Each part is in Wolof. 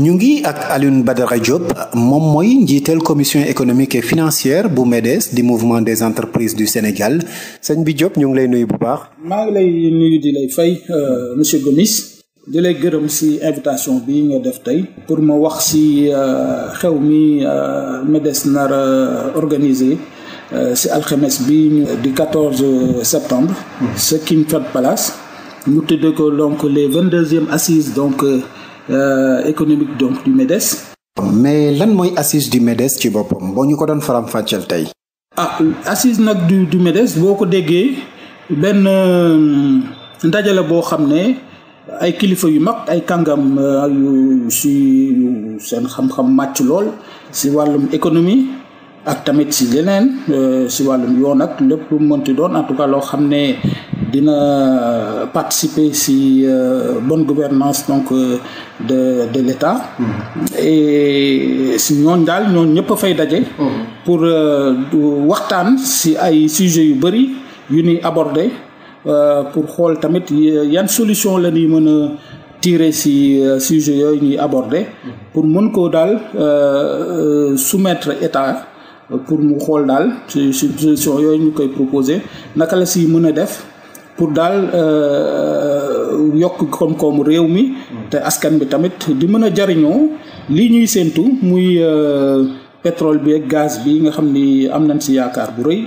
ñu ngi ak Alioune Badara Diop moom mooy njiital commission économique et financière bu MEDES di mouvement des entreprises du Sénégal sëñ bi Diop ñu ngi lay nuyu bu baax. maa ngi lay nuyu di lay fay euh, monsieur Gomis. di lay gërëm ci invitation bi nga def tey pour ma wax ci euh, xew mi euh, MEDES nar a organisé ci alxames bi ñu du 14 septembre. ce mm-hmm. King Fahd Palace. mu tudde ko donc les 22e assises donc. Euh, économique donc du MEDES. mais lan mooy assise du MEDES ci boppam boo ñu ko doon faram-fàcceel tey. ah assise nag du du MEDES boo ko déggee benn euh, ndaje boo xam ne ay kilifa yu mag ay kàngam euh, yu si seen xam-xam màcc lool si wàllum économie ak tamit si leneen si wàllum yoon ak lépp lu mënti doon en tout cas loo xam ne. dina euh, participer si euh, bon gouvernance donc euh, de de l'État mm-hmm. et si ñooñ daal ñooñ ñëpp a fay daje mm-hmm. pour waxtaan si ay sujets yu bëri yu ñuy aborder pour xool tamit yan solution la ñuy mën a tirer si sujet yooyu ñuy aborder mm-hmm. pour mën koo daal soumettre État pour mu xool daal si solution yooyu ñu koy proposer naka la si mën a def pour daal euh, yokk koom-koomu réew mi. Mm. te askan bi tamit di mën a jariñoo lii ñuy séentu muy euh, pétrole bi ak gaz bi nga xam ni am nañ si yaakaar bu rëy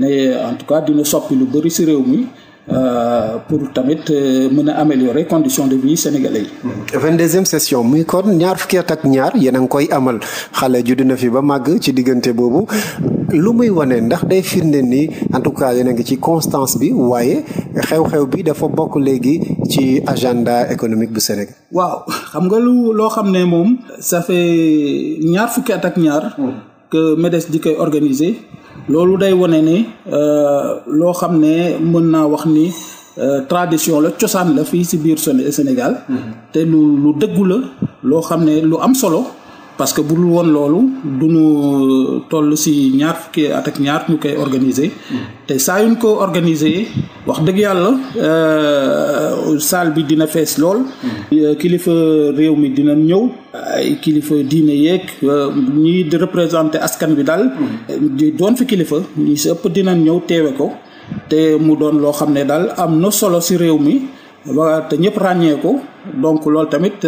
ne en tout cas dina soppi lu bari si réew mi. Euh, pour tamit euh, mën a améliorer condition de vie sénégalais yi. vingt deuxième session muy kon ñaar fukki at ak ñaar yéen a ngi koy amal xale judd na fi ba màgg ci diggante boobu lu muy wane ndax day firnde ni en tout cas yéen a ngi ci constance bi waaye xew-xew bi dafa bokk léegi ci agenda économique bu Sénégal. waaw xam nga lu loo xam ne moom. ça fait ñaar fukki at ak ñaar. Hmm. que MEDES di koy organiser. loolu day wane ne euh, loo xam ne mën naa wax ni euh, tradition la cosaan la fii si biir Sénégal mhm. te lu lu dëggu la loo xam ne lu am solo parce que bu dul woon loolu du ñu euh, toll si ñaar fukki ñaar ñu koy organiser mm. te saa yuñ ko organiser wax dëgg yàlla euh, salle bi dina fees lool. Mm. Euh, kilifa réew mi dina ñëw. ay kilifa diine yeeg ñii di représenter askan bi daal. Mm. di doon fi kilifa ñi si ëpp dina ñëw teewe ko te mu doon loo xam ne daal am na solo si réew mi te ñëpp ràññee ko donc loolu tamit.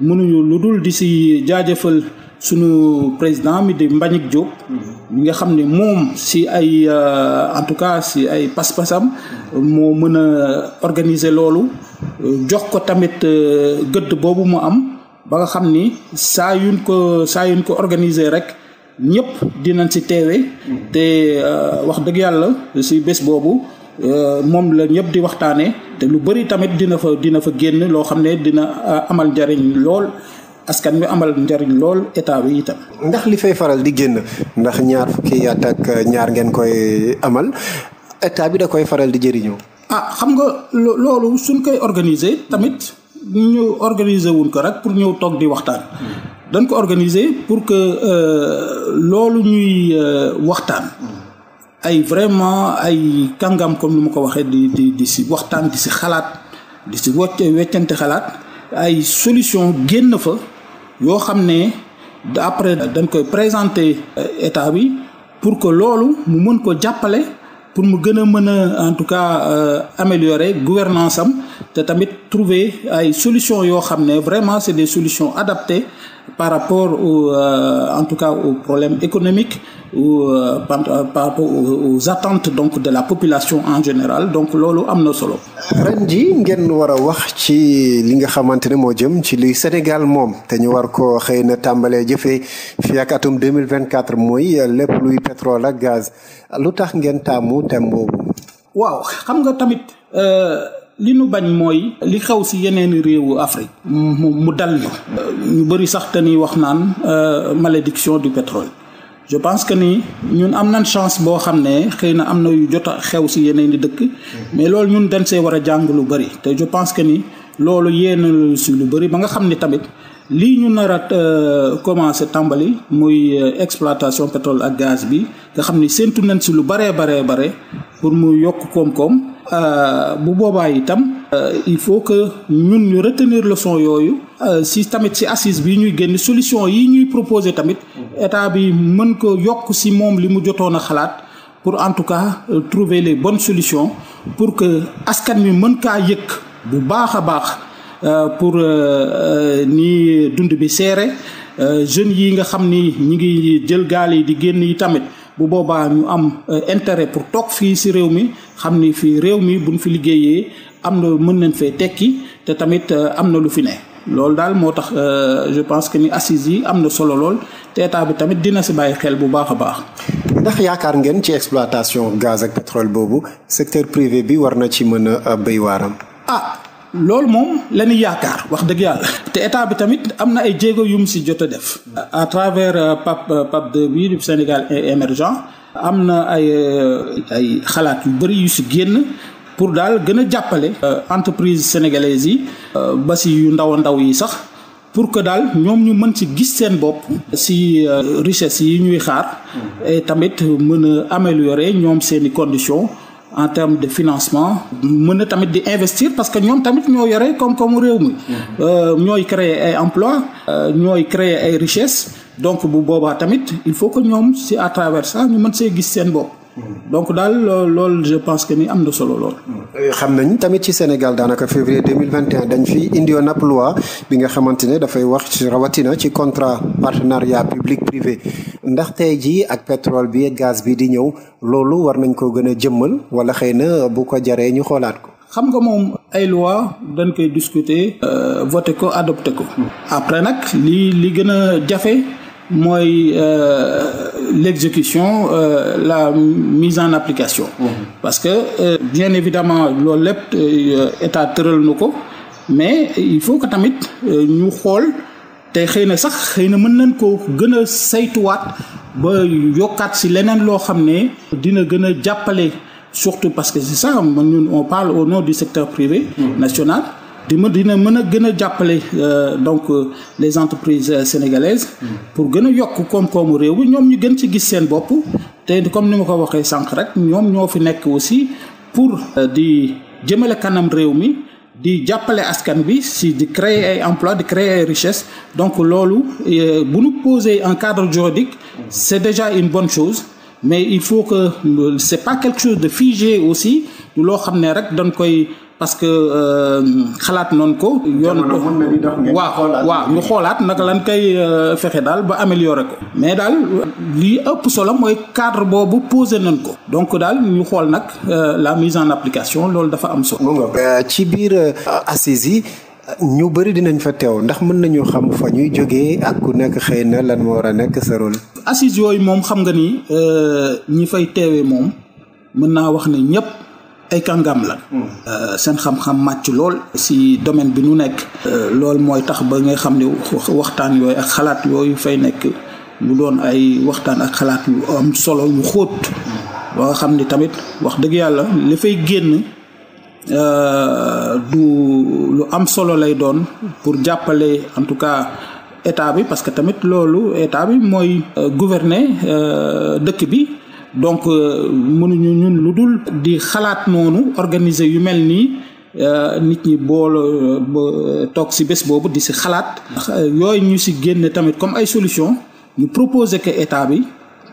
mënuñu lu dul di si jaajëfal sunu président mi di Mbagnick Diop mm-hmm. mi nga xam ni moom si ay euh, en tout cas si ay pas-pasam moo mën a organiser loolu jox ko tamit euh, gëdd boobu mu am ba nga xam ni saa yuñ ko saa yuñ ko organiser rek ñëpp dinañ ci teewe mm-hmm. te euh, wax dëgg yàlla si bés boobu Euh, moom la ñëpp di waxtaanee te lu bëri tamit dina fa dina fa génn loo xam ne dina euh, amal njariñ lool askan wi amal njariñ lool état bi itam. ndax li fay faral di génn ndax ñaar fukki at ñaar ngeen koy amal état bi da koy faral di jëriñoo. ah xam nga loolu suñ koy organiser tamit ñu organiser wuñ ko rek pour ñëw toog di waxtaan. Hmm. dañ ko organiser pour que euh, loolu ñuy waxtaan. ay vraiment ay kàngam comme ni ma ko waxee di di di si waxtaan di si xalaat di si wocce weccante xalaat ay solution génn fa yoo xam ne après dañ koy présenter euh, état bi pour que loolu mu mën ko jàppale pour mu gën a mën a en tout cas euh, améliorer gouvernance am te tamit trouver ay solutions yoo xam ne vraiment c'est des solutions adaptées par rapport au euh, en tout cas aux problèmes économiques ou euh, euh donc de la population en général donc loolu am na solo. ren ji ngeen war a wax ci li nga xamante ne moo jëm ci li Sénégal moom te ñu war ko xëy na tàmbalee jëfee fii ak atum 2024 mooy lépp luy pétrole ak gaz lu tax ngeen taamu thème boobu. xam nga tamit. Euh, li nu bañ mooy li xew si yeneen réewu Afrique mu dal ñu ñu bëri sax dañuy wax naan euh, malédiction du pétrole je pense que ni ñun am nañ chance boo xam ne xëy na am na yu jot a xew si yeneen i dëkk mm-hmm. mais loolu ñun dañ see war a jàng lu bëri te je pense que ni loolu yéenal si lu bëri ba nga xam ni tamit lii ñu nar a euh, commencé tàmbali muy euh, exploitation pétrole ak gaz bi nga xam ni séntu nañ si lu baree baree bare pour mu yokk koom-koom euh, bu boobaa itam il faut que ñun ñu retenir leçon yooyu si tamit si assise bi ñuy génn solution yi ñuy proposer tamit état bi mën ko yokk si moom li mu jotoon a xalaat pour en tout cas trouver les bonnes solution pour que askan bi mën kaa yëkk bu baax a baax euh, pour euh, euh, ni dund bi seere jeunes yi nga xam ni ñi ngi jël gaal yi di génn yi tamit bu boobaa ñu am intérêt pour toog fii ci réew mi xam ni fii réew mi buñ fi liggéeyee am na mën nañ fee tekki te tamit am na lu fi ne loolu daal moo tax je pense que ni assis yi am na solo lool te état tamit dina si bàyyi xel bu baax a baax. ndax yaakaar ngeen ci exploitation gaz ak pétrole boobu secteur privé bi war na ci mën a béy waaram. ah loolu moom la ñuy yaakaar wax dëgg yàlla. te état bi tamit am na ay jéego yu mu si jot a def. à travers PAP PAP 2 bi du Sénégal émergent am na ay euh, ay xalaat yu bëri yu si génn. pour daal gën a jàppale euh, entreprise sénégalaise yi euh, ba si yu ndaw ndaw yi sax pour que daal ñoom ñu mën si gis seen bopp si richesse yi ñuy xaar tamit mën a améliorer ñoom seeni conditions en termes de financement mën a tamit di investir parce que ñoom tamit ñoo yore koom-koomu réew mi mm-hmm. euh, ñooy créer ay emploi euh, ñooy créer ay richesse donc bu boobaa tamit il faut que ñoom si à travers ça ñu mën see gis seen bopp donc daal loolu je pense que ni am na solo lool. xam nañ tamit ci Sénégal daanaka février mille vingt et un dañ fi indiwoon ab loi bi nga xamante ne dafay wax ci rawatina ci contrat partenariat public privé ndax tey jii ak pétrole bi gaz bi di ñëw loolu war nañ ko gën a jëmmal wala xëy na bu ko jaree ñu xoolaat ko. xam nga moom ay loi dañ koy discuter. Euh, voté ko adopté ko. Hmm. après nag li li gën a jafe. mooy euh, l'exécution euh, la mise en application mmh. parce que euh, bien évidemment loolu lépp état tëral na ko mais il faut que tamit ñu xool te xëy na sax xëy na mën nañ ko gën a saytuwaat ba yokkaat si leneen loo xam ne dina gën a jàppale surtout parce que c'est ça ñun on parle au nom du secteur privé mmh. national di ma dina mën a gën a jàppale euh, donc euh, les entreprises euh, sénégalaises pour gën a yokk koom-koomu réew mi ñoom ñu gën ci gis seen bopp te comme ni ma ko waxee sànq rek ñoom ñoo fi nekk aussi pour di jëmale kanam réew mi di jàppale askan bi si di créer ay emploi di créer ay richesse donc loolu bu nu poser un cadre juridique c'est déjà une bonne chose mais il faut que c'est pas quelque chose de figé aussi loo xam ne rek dan koy parce que euh, xalaat noonu ko. yoon ko waaw waaw ñu xoolaat nag lan kay euh, fexe daal ba améliorer ko. mais daal lii ëpp solo mooy cadre boobu posé nañ ko. donc daal ñu xool nag euh, la mise en application loolu dafa am solo. ci biir assis yi. ñu bëri dinañ fa teew ndax mën nañu xam fa ñuy jógee ak ku nekk xëy na lan moo war a nekk sa rôle. assises yooyu moom xam nga nii ñi fay teewee moom mën naa wax ne ñëpp. ay kàngam la hmm. euh, seen xam-xam màcc lool si domaine bi nu nekk euh, loolu mooy tax ba nga xam ne waxtaan yooyu ak xalaat yooyu fay nekk mu doon ay waxtaan ak xalaat yu am solo yu xóot ba xam ni tamit wax dëgg yàlla li fay génn euh, du lu am solo lay doon pour jàppale en tout cas état bi parce que tamit loolu état bi mooy gouverner dëkk bi donc euh, mënuñu ñun lu dul di xalaat noonu organiser yu mel nii euh, nit ñi bool euh, ba toog ci bés boobu di ci xalaat. yooyu ñu ci génne tamit comme ay solution ñu proposer ko état bi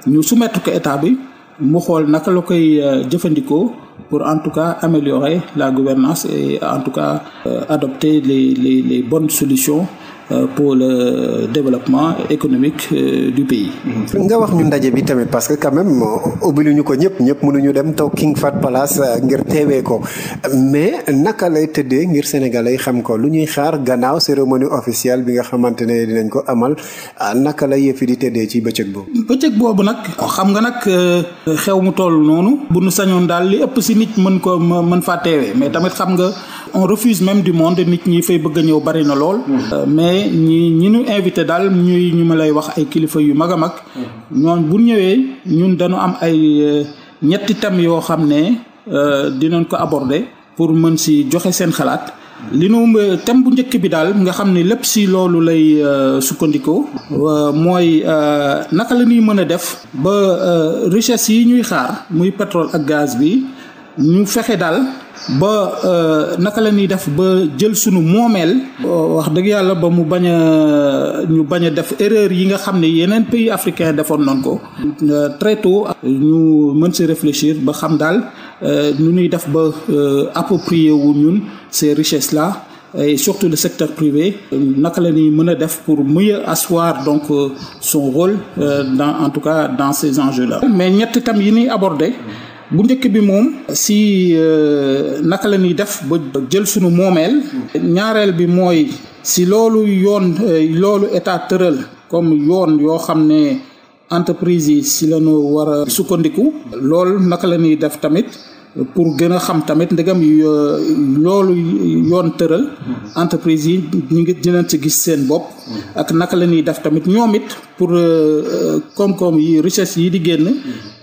ñu soumettre que état bi mu xool naka la koy jëfandikoo pour en tout cas améliorer la gouvernance et en tout cas adopter les les les bonnes solutions. Euh, pour le développement économique euh, du pays. nga wax ñu ndaje bi tamit parce que quand même ubbiluñu ko ñëpp ñëpp mënuñu dem toog King Fahd Palace euh, ngir teewee ko mais naka lay tëddee ngir sénégalais yi xam ko lu ñuy xaar gannaaw cérémonie officielle bi nga xamante ne dinañ ko amal naka la yëfi di tëddee ci bëccëg boobu. bëccëg boobu nag xam nga nag xew mu toll noonu. bu nu sañoon daal li ëpp si nit mën ko mën faa teewee mais tamit xam nga on refuse même du monde nit ñi fay bëgg ñëw bari na lool mm. ne ñi ñi ñu invité daal ñuy ñu ma lay wax ay kilifa yu mag a mag mm-hmm. ñoon bu ñëwee ñun dañu am ay eh, ñetti tam yoo xam ne eh, dinañ ko aborder pour mën si joxe seen xalaat mm-hmm. li nu thème bu njëkk bi daal nga xam ne lépp si loolu lay eh, sukkandikoo mooy naka la ñuy mën a def ba richesse yi ñuy xaar muy pétrole ak gaz bi ñu fexe daal ba euh, naka la ñuy def ba jël sunu moomeel. wax dëgg yàlla ba mu bañ a ñu bañ a def erreur yi nga xam ne yeneen pays africain defoon nañ ko. Euh, très tôt ñu mën si réfléchir ba xam daal euh, nu ñuy def ba approprier wu ñun ces richesses là. et surtout le secteur privé naka la ñuy mën a def pour mieux asseoir donc son rôle dans en tout cas dans ces enjeux là. mais ñett tam yi ñuy abordé. bu njëkk bi moom si euh, naka la ñuy def ba jël sunu moomeel ñaareel bi mooy si loolu yoon euh, loolu état tëral comme yoon yoo xam ne entreprise yi si la ñu war a sukkandiku loolu naka la ñuy def tamit pour gën a xam tamit ndegam euh, loolu yoon tëral entreprise yi ñu ngi dinañ ci gis seen bopp ak naka la ñuy def tamit ñoom it pour koom-koom yi richesse yi di génn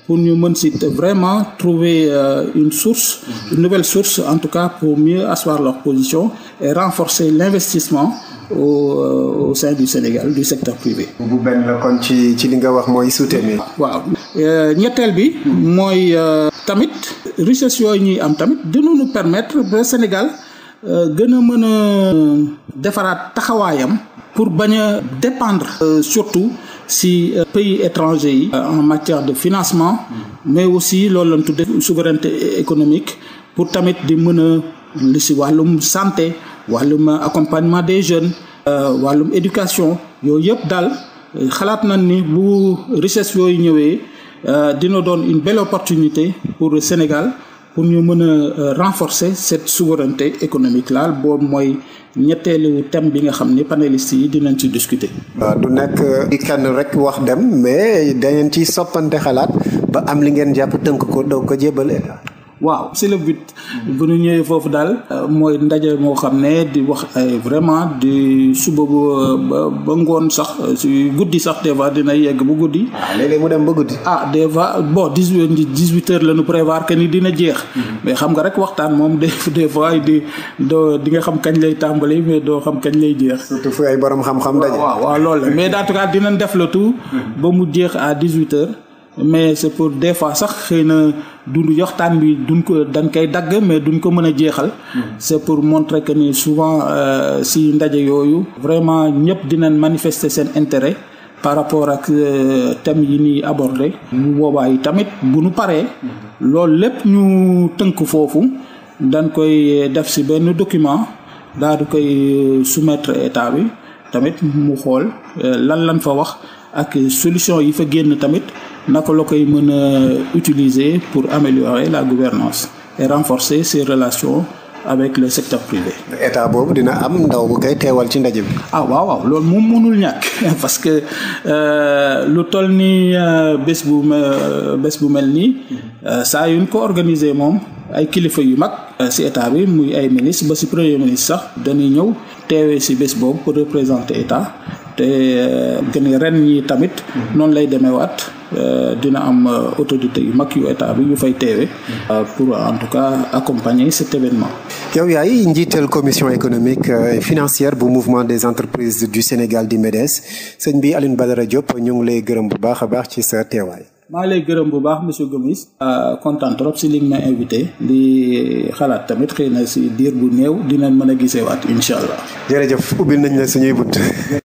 pour ñu mën si vraiment trouver euh, une source une nouvelle source en tout cas pour mieux asseoir leur position et renforcer l'investissement au euh, au sein du Sénégal du secteur privé. bu benn la kon ci ci li nga wax mooy suute mi. waaw euh, ñetteel bi. mooy tamit richesse yooyu ñuy am tamit dina nu permettre ba Sénégal gën a mën a defaraat taxawaayam pour bañ a dépendre surtout. si euh, pays étrangers yi euh, en matière de financement mm. mais aussi loolu lañ tudde souveraineté économique pour tamit di mën a li si wàllum santé wàllum accompagnement des jeunes euh, wàllum éducation yooyu yëpp daal xalaat na ni bu richesse yooyu ñëwee dina doon une belle opportunité pour le Sénégal pour ñu mën a euh, renforcer cette souveraineté économique là boobu mooy ñetteelu thème bi nga xam ni panélistes yi dinañ ci discuté waaw du nekk ci euh, kenn rek wax dem mais dangeen ciy soppante xalaat ba am li ngeen jàpp tënk ko doog ko jébbale waaw c'est le but. bu ñu ñëwee foofu daal. Euh, mooy ndaje moo xam ne di wax ay euh, vraiment di suba ba ba ngoon sax euh, si guddi sax des dina yegg bu guddi. waaw ah, léeg mu dem ba guddi. ah des fois bon dix huit dix huit heures la ñu prévoir que ni dina jeex. Mm-hmm. mais xam nga rek waxtaan moom des des fois di doo di nga xam kañ lay tàmbali mais doo xam kañ lay jeex. surtout ay borom xam-xam daje. mais en tout cas dinañ tout. Mm-hmm. ba mu jeex à dix huit mais c'est pour des fois sax xëy na dund yoxtaan bi dun ko dañ koy dagg mais duñ ko mën a jeexal. c'est pour montrer que ni souvent euh, si ndaje yooyu. vraiment ñëpp dinañ manifester seen intérêt. par rapport ak euh, thèmes yi nii abordé mu boobaa yi tamit bu nu paree loolu lépp ñu tënk foofu dañ koy def si benn document daal di koy euh, soumettre état bi tamit mu xool lan lan fa wax ak solution yi fa génn tamit naka la koy mën a utiliser pour améliorer la gouvernance et renforcer ses relations avec le secteur privé. état boobu dina am ndaw bu koy teewal ci ndaje bi. ah waaw waaw loolu moom mënul ñàkk parce que euh, lu toll ni euh, bés bu euh, bés bu mel nii saa yuñ ko organiser moom ay kilifa yu mag si état bi muy ay ministre ba si premier ministre sax dañuy ñëw teewee si bés boobu pour représenter état. te euh, gën ren yi tamit mm-hmm. noonu lay demeewaat euh, dina am euh, autorité yu mag yu état bi yu fay teewe mm-hmm. pour en tout cas accompagner cet événement yow yaay njiital commission économique et financière bu mouvement des entreprises du Sénégal di MEDES sëñ bi Alioune Badara Diop ñu ngi lay gërëm bu baax a baax ci sa teewaay maa lay gërëm bu baax monsieur Gomis kontaan trop si li nga ma invité di xalaat tamit xëy na si diir bu néew dinañ mën a waat incha allah. jërëjëf ubbil nañ la suñuy